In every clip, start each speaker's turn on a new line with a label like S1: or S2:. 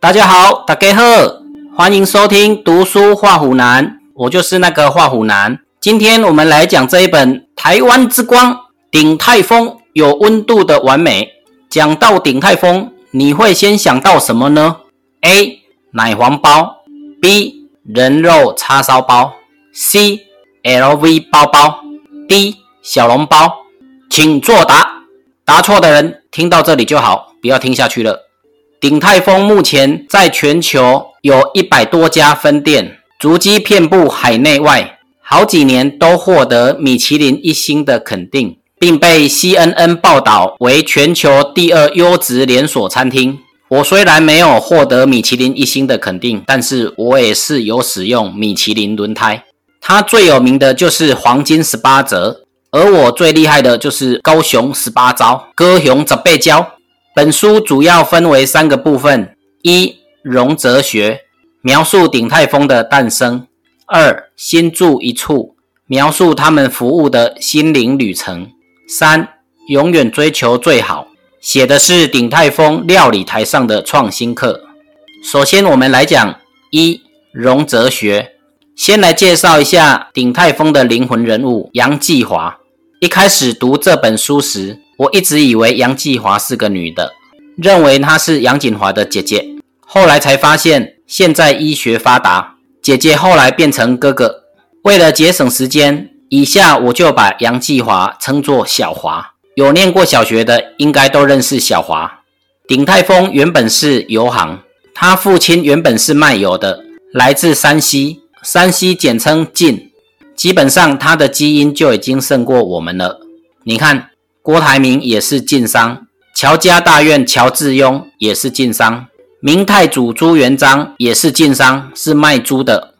S1: 大家好，大家好，歡迎收聽讀書畫虎男，我就是那個畫虎男。今天我們來講這一本《台灣之光》鼎泰豐。鼎泰豐有溫度的完美。講到鼎泰豐，你會先想到什麼呢？A. 奶黃包，B. 人肉叉燒包，C. LV 包包，D. 小籠包。請作答。答錯的人聽到這裡就好，不要聽下去了。鼎泰豐目前在全球有一百多家分店，足跡遍布海內外，好幾年都獲得米其林一星的肯定，並被 CNN 報道為全球第二優質連鎖餐廳。我雖然沒有獲得米其林一星的肯定，但是我也是有使用米其林輪胎。它最有名的就是黃金十八折，而我最厲害的就是高雄十八招，高雄十倍交。本書主要分為三個部分：一、榮哲學描述鼎泰豐的誕生；二、心住一處描述他們服務的心靈旅程；三、永遠追求最好，寫的是鼎泰豐料理台上的創新課。首先，我們來講一、榮哲學。先來介紹一下鼎泰豐的靈魂人物楊繼華。一開始讀這本書時，我一直以為楊繼華是個女的，認為她是楊錦華的姐姐。後來才發現，現在醫學發達，姐姐後來變成哥哥。為了節省時間，以下我就把楊繼華稱作小華。有念過小學的，應該都認識小華。鼎泰豐原本是油行，他父親原本是賣油的，來自山西，山西簡稱晉。基本上，他的基因就已經勝過我們了。你看。郭台銘也是晉商，喬家大院喬致庸也是晉商，明太祖朱元璋也是晉商，是賣豬的。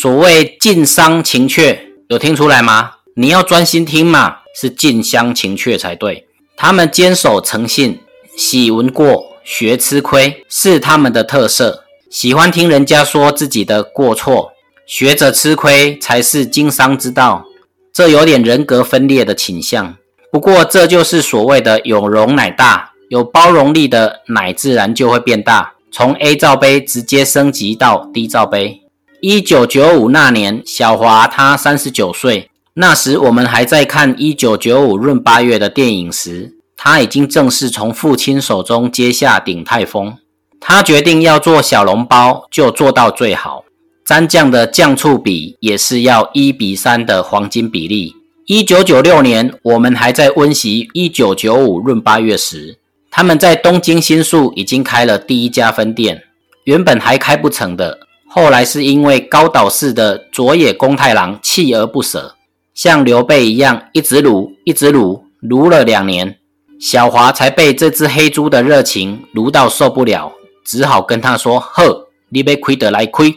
S1: 所謂晉商情怯，有聽出來嗎？你要專心聽嘛，是晉商情怯才對。他們堅守誠信，喜聞過，學吃虧，是他們的特色。喜歡聽人家說自己的過錯，學着吃虧才是經商之道。這有點人格分裂的傾向。不過，這就是所謂的有容乃大，有包容力的奶自然就會變大，從 A 罩杯直接升級到 D 罩杯。一九九五那年，小華他三十九歲，那時我們還在看一九九五閏八月的電影時，他已經正式從父親手中接下鼎泰豐，他決定要做小籠包，就做到最好，沾醬的醬醋比也是要一比三的黃金比例。一九九六年，我們還在溫習一九九五閏八月時，他們在東京新宿已經開了第一家分店，原本還開不成的，後來是因為高島市的佐野公太郎鍥而不捨，像劉備一樣一直擼，一直擼，擼了兩年，小華才被這隻黑豬的熱情擼到受不了，只好跟他說：“呵，你被虧得來虧，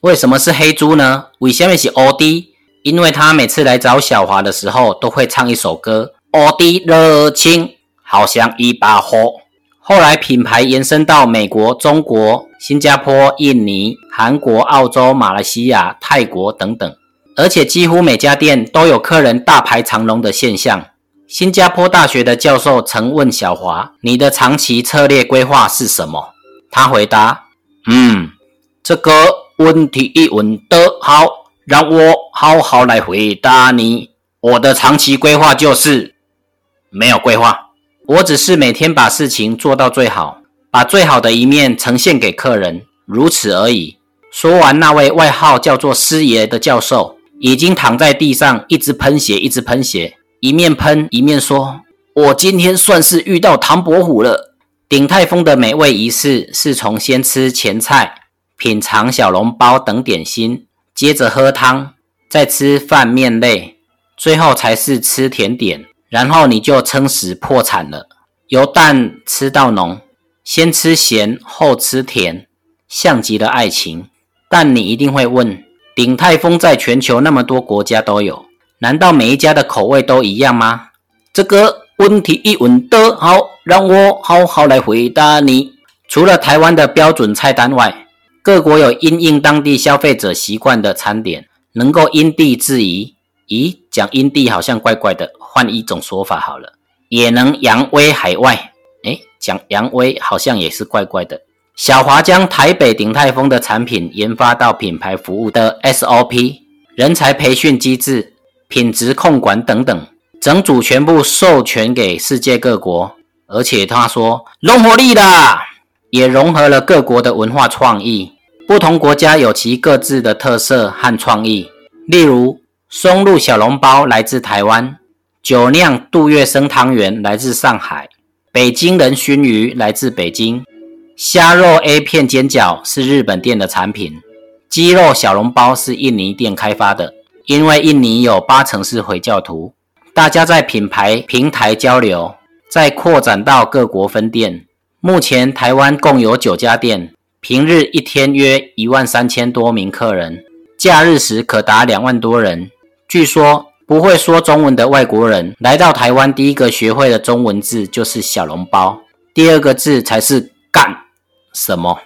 S1: 為什麼是黑豬呢？為什麼是 od 因為他每次來找小華的時候，都會唱一首歌。我的熱情好像一把火。後來，品牌延伸到美國、中國、新加坡、印尼、韓國、澳洲、馬來西亞、泰國等等，而且幾乎每家店都有客人大排長龍的現象。新加坡大學的教授曾問小華：“你的長期策略規劃是什麼？”他回答：“嗯，這個問題問得好。”讓我好好來回答你。我的長期規劃就是沒有規劃，我只是每天把事情做到最好，把最好的一面呈現給客人，如此而已。說完，那位外號叫做師爺的教授已經躺在地上，一直噴血，一直噴血，一面噴一面說：“我今天算是遇到唐伯虎了。”鼎泰豐的美味儀式是從先吃前菜，品嘗小籠包等點心。接着喝湯，再吃飯麵類，最後才是吃甜點，然後你就撐死破產了。由淡吃到濃，先吃鹹，後吃甜，像極了愛情。但你一定會問，鼎泰豐在全球那麼多國家都有，難道每一家的口味都一樣嗎？這個問題一問得好，讓我好好來回答你。除了台灣的標準菜單外，各國有因應當地消費者習慣的餐點，能夠因地制宜。咦，講因地好像怪怪的，換一種說法好了。也能揚威海外。誒，講揚威好像也是怪怪的。小華將台北鼎泰豐的產品研發到品牌服務的 SOP、人才培訓機制、品質控管等等，整組全部授權給世界各國。而且他說融合力啦，也融合了各國的文化創意。不同國家有其各自的特色和創意，例如松露小籠包來自台灣，酒釀杜月笙湯圓來自上海，北京人熏魚來自北京，蝦肉 A 片煎餃是日本店的產品，雞肉小籠包是印尼店開發的，因為印尼有八成是回教徒，大家在品牌平台交流，再擴展到各國分店。目前台灣共有九家店。平日一天約一萬三千多名客人，假日時可達兩萬多人。據說不會說中文的外國人來到台灣，第一個學會的中文字就是小籠包，第二個字才是幹什麼。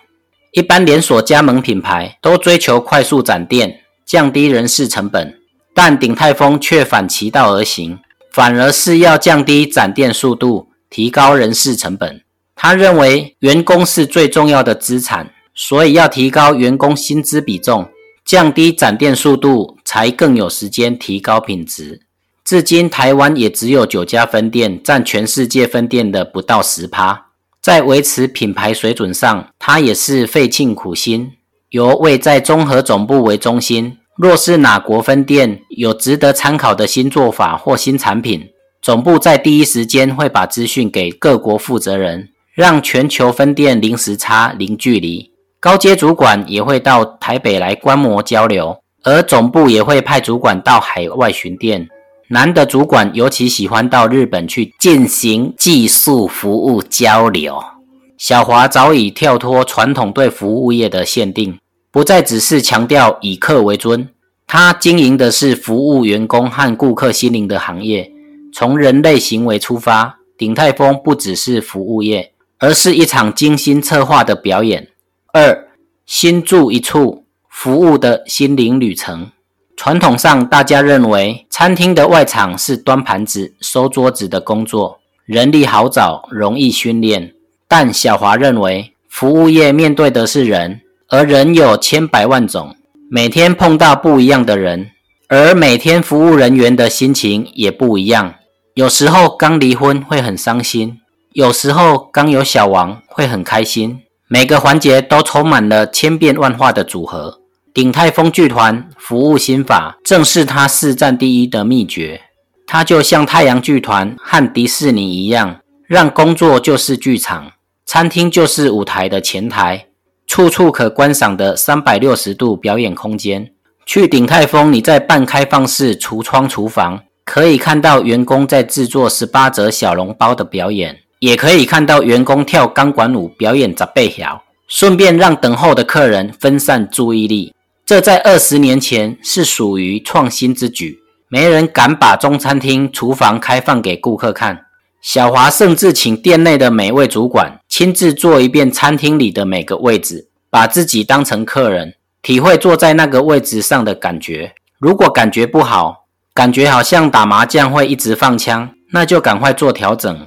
S1: 一般連鎖加盟品牌都追求快速展店，降低人事成本，但鼎泰豐卻反其道而行，反而是要降低展店速度，提高人事成本。他認為員工是最重要的資產，所以要提高員工薪資比重，降低展店速度，才更有時間提高品質。至今，台灣也只有九家分店，占全世界分店的不到十趴。在維持品牌水準上，他也是費盡苦心。由位在綜合總部為中心，若是哪國分店有值得參考的新做法或新產品，總部在第一時間會把資訊給各國負責人。讓全球分店零時差、零距離，高階主管也會到台北來觀摩交流，而總部也會派主管到海外巡店。男的主管尤其喜歡到日本去進行技術服務交流。小華早已跳脫傳統對服務業的限定，不再只是強調以客為尊，他經營的是服務員工和顧客心靈的行業，從人類行為出發。鼎泰豐不只是服務業，而是一場精心策劃的表演。二，心住一處，服務的心靈旅程。傳統上，大家認為餐廳的外場是端盤子、收桌子的工作，人力好找，容易訓練。但小華認為，服務業面對的是人，而人有千百萬種，每天碰到不一樣的人，而每天服務人員的心情也不一樣。有時候剛離婚會很傷心。有時候剛有小王會很開心，每個環節都充滿了千變萬化的組合。鼎泰豐劇團服務心法正是他世戰第一的秘訣。他就像太陽劇團和迪士尼一樣，讓工作就是劇場，餐廳就是舞台的前台，處處可觀賞的三百六十度表演空間。去鼎泰豐，你在半開放式櫥窗廚房可以看到員工在制作十八折小籠包的表演。也可以看到員工跳鋼管舞表演砸背條，順便讓等候的客人分散注意力。這在二十年前是屬於創新之舉，沒人敢把中餐廳廚房開放給顧客看。小華甚至請店內的每位主管親自坐一遍餐廳裡的每個位置，把自己當成客人，體會坐在那個位置上的感覺。如果感覺不好，感覺好像打麻將會一直放槍，那就趕快做調整。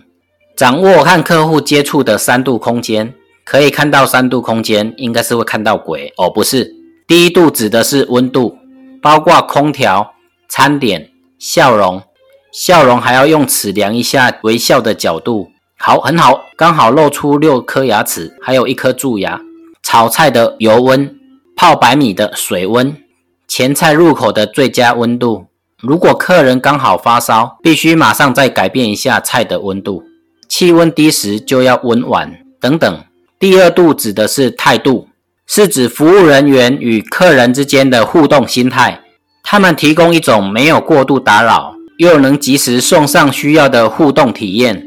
S1: 掌握和客戶接觸的三度空間，可以看到三度空間應該是會看到鬼哦？不是。第一度指的是溫度，包括空調、餐點、笑容，笑容還要用尺量一下微笑的角度。好，很好，剛好露出六顆牙齒，還有一顆蛀牙。炒菜的油溫，泡白米的水溫，前菜入口的最佳溫度。如果客人剛好發燒，必須馬上再改變一下菜的溫度。氣溫低時就要溫婉等等。第二度指的是態度，是指服務人員與客人之間的互動心態，他們提供一種沒有過度打擾，又能及時送上需要的互動體驗。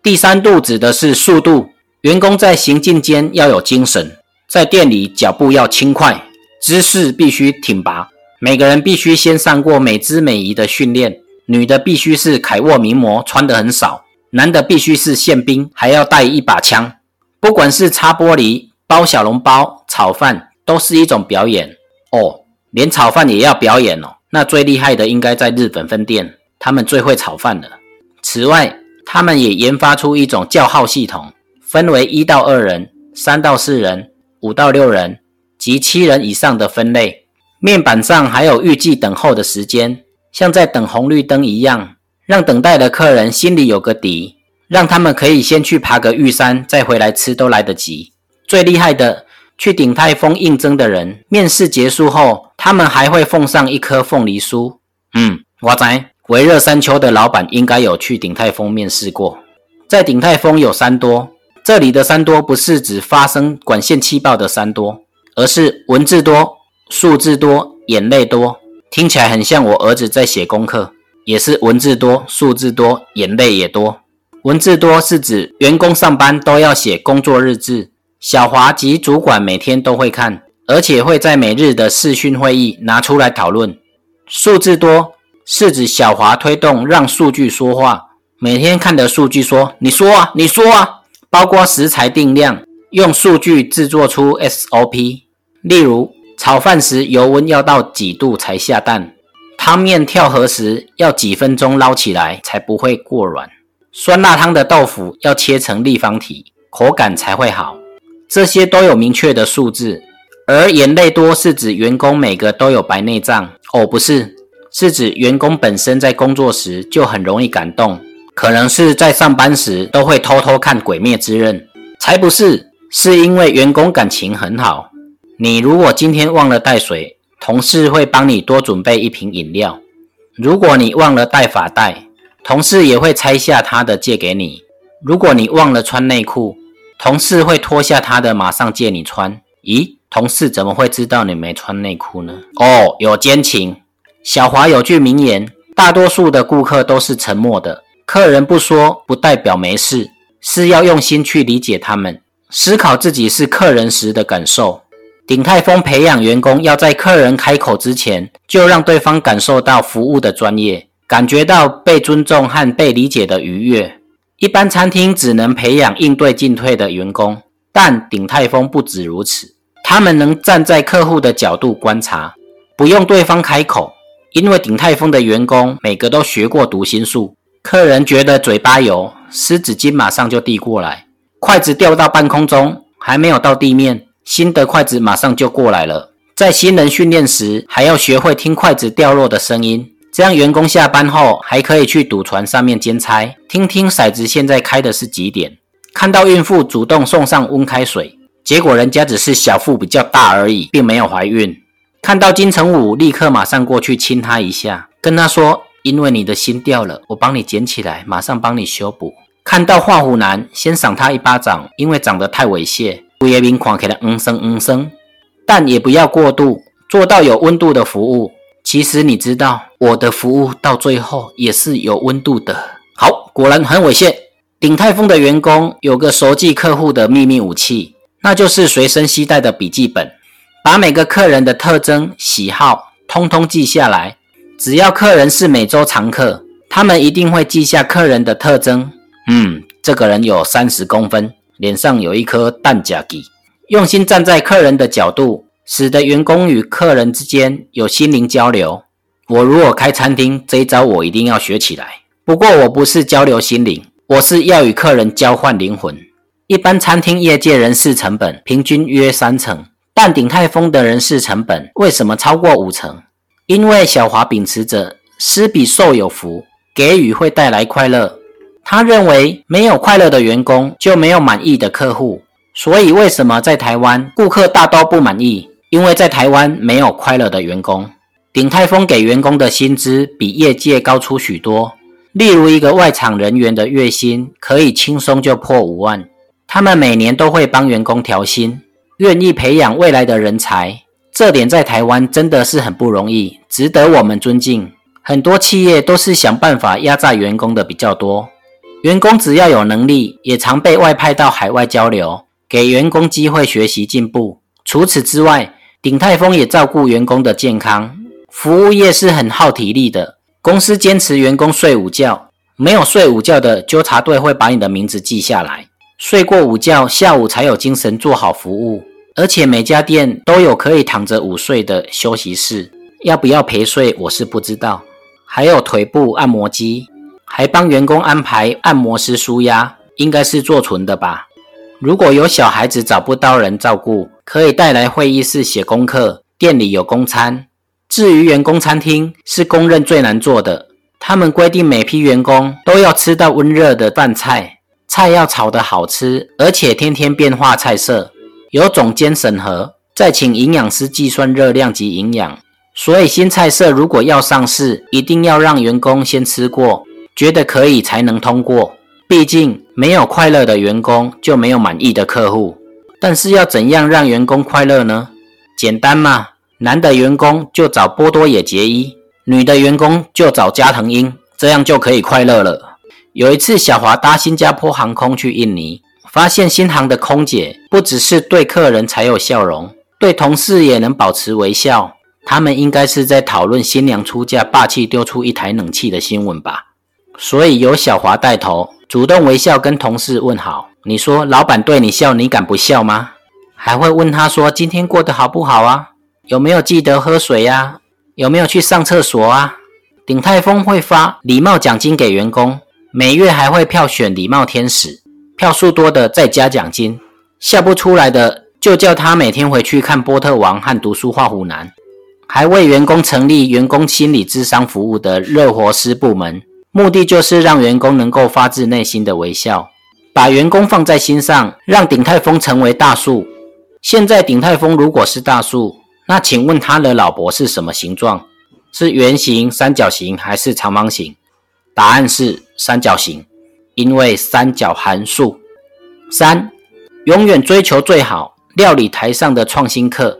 S1: 第三度指的是速度，員工在行進間要有精神，在店裡腳步要輕快，姿勢必須挺拔，每個人必須先上過美姿美儀的訓練，女的必須是凱渥名模，穿得很少。男的必須是憲兵，還要帶一把槍。不管是擦玻璃、包小籠包、炒飯，都是一種表演哦。連炒飯也要表演哦。那最厲害的應該在日本分店，他們最會炒飯了。此外，他們也研發出一種叫號系統，分為一到二人、三到四人、五到六人及七人以上的分類。面板上還有預計等候的時間，像在等紅綠燈一樣。讓等待的客人心裡有個底，讓他們可以先去爬個玉山，再回來吃都來得及。最厲害的，去鼎泰豐應徵的人，面試結束後，他們還會奉上一顆鳳梨酥。嗯，哇哉，微熱山丘的老闆應該有去鼎泰豐面試過。在鼎泰豐有三多，這裡的三多不是指發生管線氣爆的三多，而是文字多、數字多、眼淚多，聽起來很像我兒子在寫功課。也是文字多、數字多、眼淚也多。文字多是指員工上班都要寫工作日誌，小華及主管每天都會看，而且會在每日的視訊會議拿出來討論。數字多是指小華推動讓數據說話，每天看的數據說：“你說啊，你說啊。”包括食材定量，用數據制作出 SOP，例如炒飯時油溫要到幾度才下蛋。湯麵跳河時要幾分鐘撈起來才不會過軟。酸辣湯的豆腐要切成立方體，口感才會好。這些都有明確的數字。而眼淚多是指員工每個都有白內障。哦，不是，是指員工本身在工作時就很容易感動，可能是在上班時都會偷偷看《鬼滅之刃》。才不是，是因為員工感情很好。你如果今天忘了帶水，同事會幫你多準備一瓶飲料。如果你忘了帶髮帶，同事也會拆下他的借給你。如果你忘了穿內褲，同事會脫下他的馬上借你穿。咦，同事怎麼會知道你沒穿內褲呢？哦，有姦情。小華有句名言：大多數的顧客都是沉默的，客人不說不代表沒事，是要用心去理解他們，思考自己是客人時的感受。鼎泰豐培養員工，要在客人開口之前，就讓對方感受到服務的專業，感覺到被尊重和被理解的愉悅。一般餐廳只能培養應對進退的員工，但鼎泰豐不止如此，他們能站在客戶的角度觀察，不用對方開口，因為鼎泰豐的員工每個都學過讀心術。客人覺得嘴巴油，濕紙巾馬上就遞過來，筷子掉到半空中，還沒有到地面。新的筷子馬上就過來了。在新人訓練時，還要學會聽筷子掉落的聲音，這樣員工下班後還可以去賭船上面兼差，聽聽骰子現在開的是幾點。看到孕婦主動送上溫開水，結果人家只是小腹比較大而已，並沒有懷孕。看到金城武，立刻馬上過去親他一下，跟他說：“因為你的心掉了，我幫你撿起來，馬上幫你修補。”看到畫虎男，先賞他一巴掌，因為長得太猥褻。服務員，狂給他嗯嗯聲，但也不要過度，做到有溫度的服務。其實你知道，我的服務到最後也是有溫度的。好，果然很猥褻。鼎泰豐的員工有個熟記客戶的秘密武器，那就是隨身攜帶的筆記本，把每個客人的特徵、喜好通通記下來。只要客人是每周常客，他們一定會記下客人的特徵。嗯，這個人有三十公分。臉上有一顆蛋甲肌，用心站在客人的角度，使得員工與客人之間有心靈交流。我如果開餐廳，這一招我一定要學起來。不過我不是交流心靈，我是要與客人交換靈魂。一般餐廳業界人事成本平均約三成，但鼎泰豐的人事成本為什麼超過五成？因為小華秉持着施比受有福，給予會帶來快樂。他認為沒有快樂的員工就沒有滿意的客戶，所以為什麼在台灣顧客大都不滿意？因為在台灣沒有快樂的員工。鼎泰豐給員工的薪資比業界高出許多，例如一個外場人員的月薪可以輕鬆就破五萬。他們每年都會幫員工調薪，願意培養未來的人才，這點在台灣真的是很不容易，值得我們尊敬。很多企業都是想辦法壓榨員工的比較多。員工只要有能力，也常被外派到海外交流，給員工機會學習進步。除此之外，鼎泰豐也照顧員工的健康。服務業是很耗體力的，公司堅持員工睡午覺。沒有睡午覺的糾察隊會把你的名字記下來。睡過午覺，下午才有精神做好服務。而且每家店都有可以躺着午睡的休息室。要不要陪睡，我是不知道。還有腿部按摩機。還幫員工安排按摩師舒壓，應該是做純的吧？如果有小孩子找不到人照顧，可以帶來會議室寫功課。店裡有公餐，至於員工餐廳是公認最難做的。他們規定每批員工都要吃到溫熱的飯菜，菜要炒得好吃，而且天天變化菜色，有總監審核，再請營養師計算熱量及營養。所以新菜色如果要上市，一定要讓員工先吃過。覺得可以才能通過，畢竟沒有快樂的員工就沒有滿意的客戶。但是要怎樣讓員工快樂呢？簡單嘛，男的員工就找波多野結衣，女的員工就找加藤鷹，這樣就可以快樂了。有一次，小華搭新加坡航空去印尼，發現新航的空姐不只是對客人才有笑容，對同事也能保持微笑。他們應該是在討論新娘出嫁霸氣丟出一台冷氣的新聞吧。所以由小華帶頭，主動微笑跟同事問好。你說，老闆對你笑，你敢不笑嗎？還會問他說：“今天過得好不好啊？有沒有記得喝水呀、啊？有沒有去上廁所啊？”鼎泰豐會發禮貌獎金給員工，每月還會票選禮貌天使，票數多的再加獎金。笑不出來的，就叫他每天回去看《波特王》和《讀書畫虎男》。還為員工成立員工心理諮商服務的熱活師部門。目的就是讓員工能夠發自內心的微笑，把員工放在心上，讓鼎泰豐成為大樹。現在鼎泰豐如果是大樹，那請問他的老婆是什麼形狀？是圓形、三角形還是長方形？答案是三角形，因為三角函數。三，永遠追求最好。料理台上的創新課，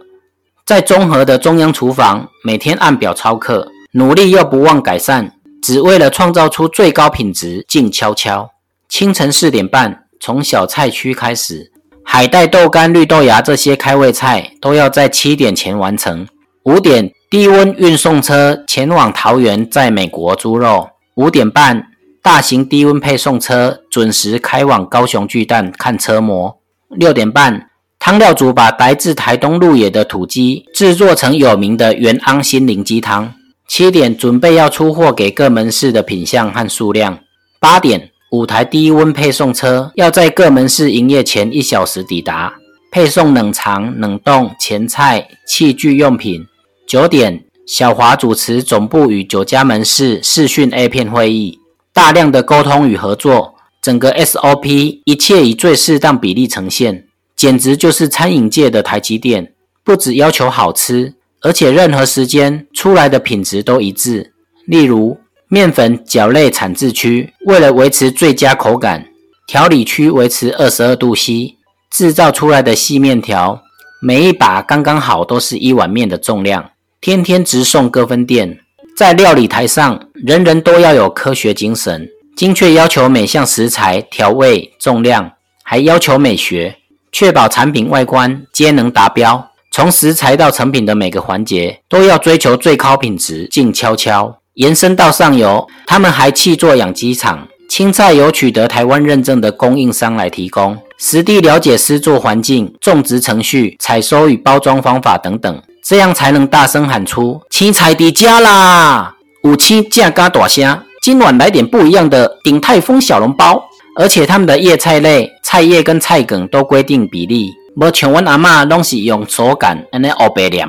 S1: 在中和的中央廚房，每天按表操課，努力又不忘改善。只為了創造出最高品質，靜悄悄。清晨四點半，從小菜區開始，海帶、豆乾、綠豆芽這些開胃菜都要在七點前完成。五點，低溫運送車前往桃園，載美國豬肉。五點半，大型低溫配送車準時開往高雄巨蛋看車模。六點半，湯料組把來自台東鹿野的土雞製作成有名的元盅心靈雞湯。七點準備要出貨給各門市的品項和數量。八點五台低溫配送車要在各門市營業前一小時抵達，配送冷藏、冷凍前菜、器具用品。九點小華主持總部與九家門市視訊 A 片會議，大量的溝通與合作，整個 SOP 一切以最適當比例呈現，簡直就是餐飲界的台積電，不只要求好吃。而且任何時間出來的品質都一致。例如，麵粉餃類產製區為了維持最佳口感，調理區維持二十二度 C，製造出來的細麵條，每一把剛剛好都是一碗麵的重量。天天直送各分店。在料理台上，人人都要有科學精神，精確要求每項食材、調味、重量，還要求美學，確保產品外觀皆能達標。從食材到成品的每個環節都要追求最高品質，靜悄悄延伸到上游，他們還契作養雞場，青菜由取得台灣認證的供應商來提供，實地了解施作環境、種植程序、採收與包裝方法等等，這樣才能大聲喊出青菜底家啦！有青才敢大聲，今晚來點不一樣的鼎泰豐小籠包，而且他們的葉菜類菜葉跟菜梗都規定比例。不像阮阿嬤，都是用手擀安尼烏白面。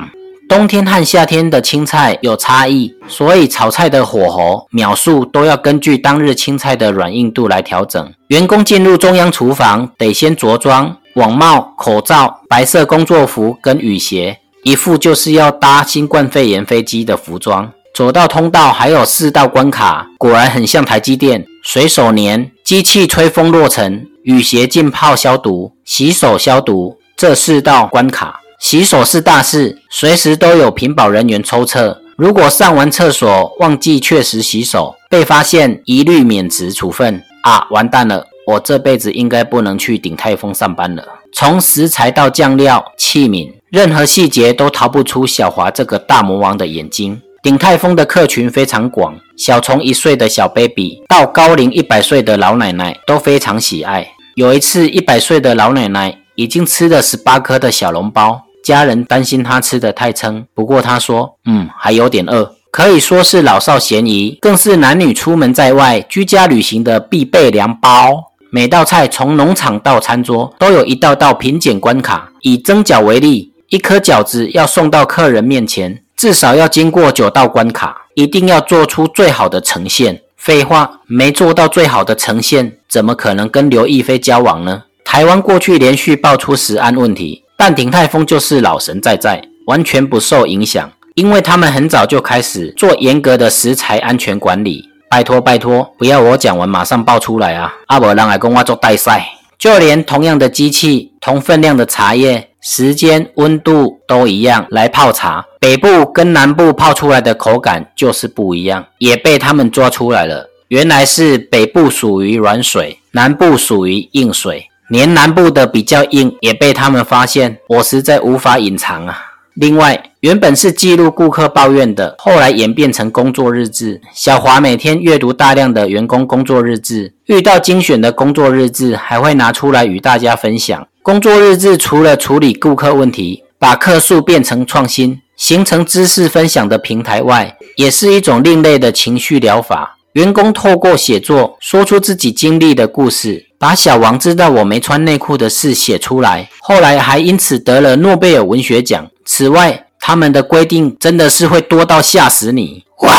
S1: 冬天和夏天的青菜有差異，所以炒菜的火候、秒數都要根據當日青菜的軟硬度來調整。員工進入中央廚房，得先着裝，網帽、口罩、白色工作服跟雨鞋，一副就是要搭新冠肺炎飛機的服裝。走到通道還有四道關卡，果然很像台積電。隨手粘，機器吹風落塵，雨鞋浸泡消毒。洗手消毒這四道關卡，洗手是大事，隨時都有品保人員抽測。如果上完廁所忘記確實洗手，被發現一律免職處分。啊，完蛋了，我這輩子應該不能去鼎泰豐上班了。從食材到醬料、器皿，任何細節都逃不出小華這個大魔王的眼睛。鼎泰豐的客群非常廣，小從一歲的小 baby 到高齡一百歲的老奶奶都非常喜愛。有一次，一百歲的老奶奶已經吃了十八顆的小籠包，家人擔心她吃得太撐，不過她說：“嗯，還有點餓。”可以說是老少咸宜，更是男女出門在外、居家旅行的必備良包。每道菜從農場到餐桌，都有一道道品檢關卡。以蒸餃為例，一顆餃子要送到客人面前，至少要經過九道關卡，一定要做出最好的呈現。廢話，沒做到最好的呈現，怎麼可能跟劉亦菲交往呢？台灣過去連續爆出食安問題，但鼎泰豐就是老神在在，完全不受影響，因為他們很早就開始做嚴格的食材安全管理。拜托拜托，不要我講完馬上爆出來啊，啊，不然來跟我做帶賽。就連同樣的機器、同分量的茶葉、時間、溫度都一樣來泡茶，北部跟南部泡出來的口感就是不一樣，也被他們抓出來了。原來是北部屬於軟水，南部屬於硬水。連南部的比較硬也被他們發現，我實在無法隱藏啊。另外，原本是記錄顧客抱怨的，後來演變成工作日誌。小華每天閱讀大量的員工工作日誌，遇到精選的工作日誌，還會拿出來與大家分享。工作日誌除了處理顧客問題，把客訴變成創新，形成知識分享的平台外，也是一種另類的情緒療法。員工透過寫作說出自己經歷的故事，把小王知道我沒穿內褲的事寫出來，後來還因此得了諾貝爾文學獎。此外，他們的規定真的是會多到嚇死你！哇，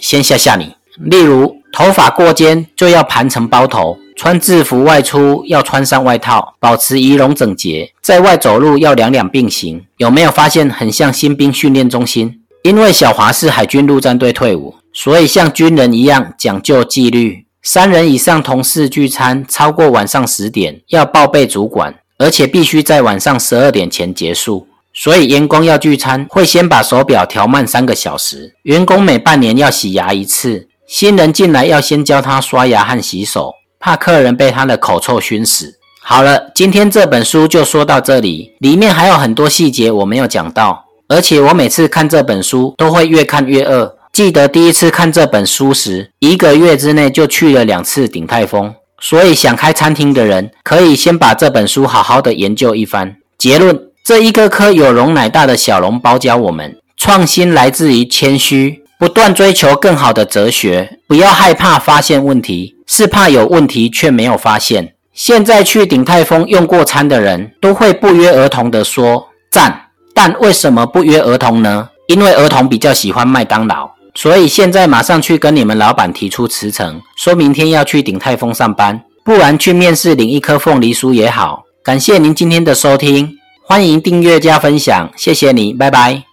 S1: 先嚇嚇你。例如，頭髮過肩就要盤成包頭，穿制服外出要穿上外套，保持儀容整潔，在外走路要兩兩並行。有沒有發現很像新兵訓練中心？因為小華是海軍陸戰隊退伍，所以像軍人一樣講究紀律。三人以上同事聚餐超過晚上十點要報備主管。而且必須在晚上十二點前結束，所以員工要聚餐，會先把手錶調慢三個小時。員工每半年要洗牙一次，新人進來要先教他刷牙和洗手，怕客人被他的口臭燻死。好了，今天這本書就說到這裡，裡面還有很多細節我沒有講到，而且我每次看這本書都會越看越餓。記得第一次看這本書時，一個月之內就去了兩次鼎泰豐。所以，想開餐廳的人可以先把這本書好好的研究一番。結論：這一個顆有容乃大的小籠包教我們，創新來自於謙虛，不斷追求更好的哲學。不要害怕發現問題，是怕有問題卻沒有發現。現在去鼎泰豐用過餐的人都會不約而同的說讚，但為什麼不約而同呢？因為兒童比較喜歡麥當勞。所以現在馬上去跟你們老闆提出辭呈，說明天要去鼎泰豐上班，不然去面試領一顆鳳梨酥也好。感謝您今天的收聽，歡迎訂閱加分享，謝謝你，拜拜。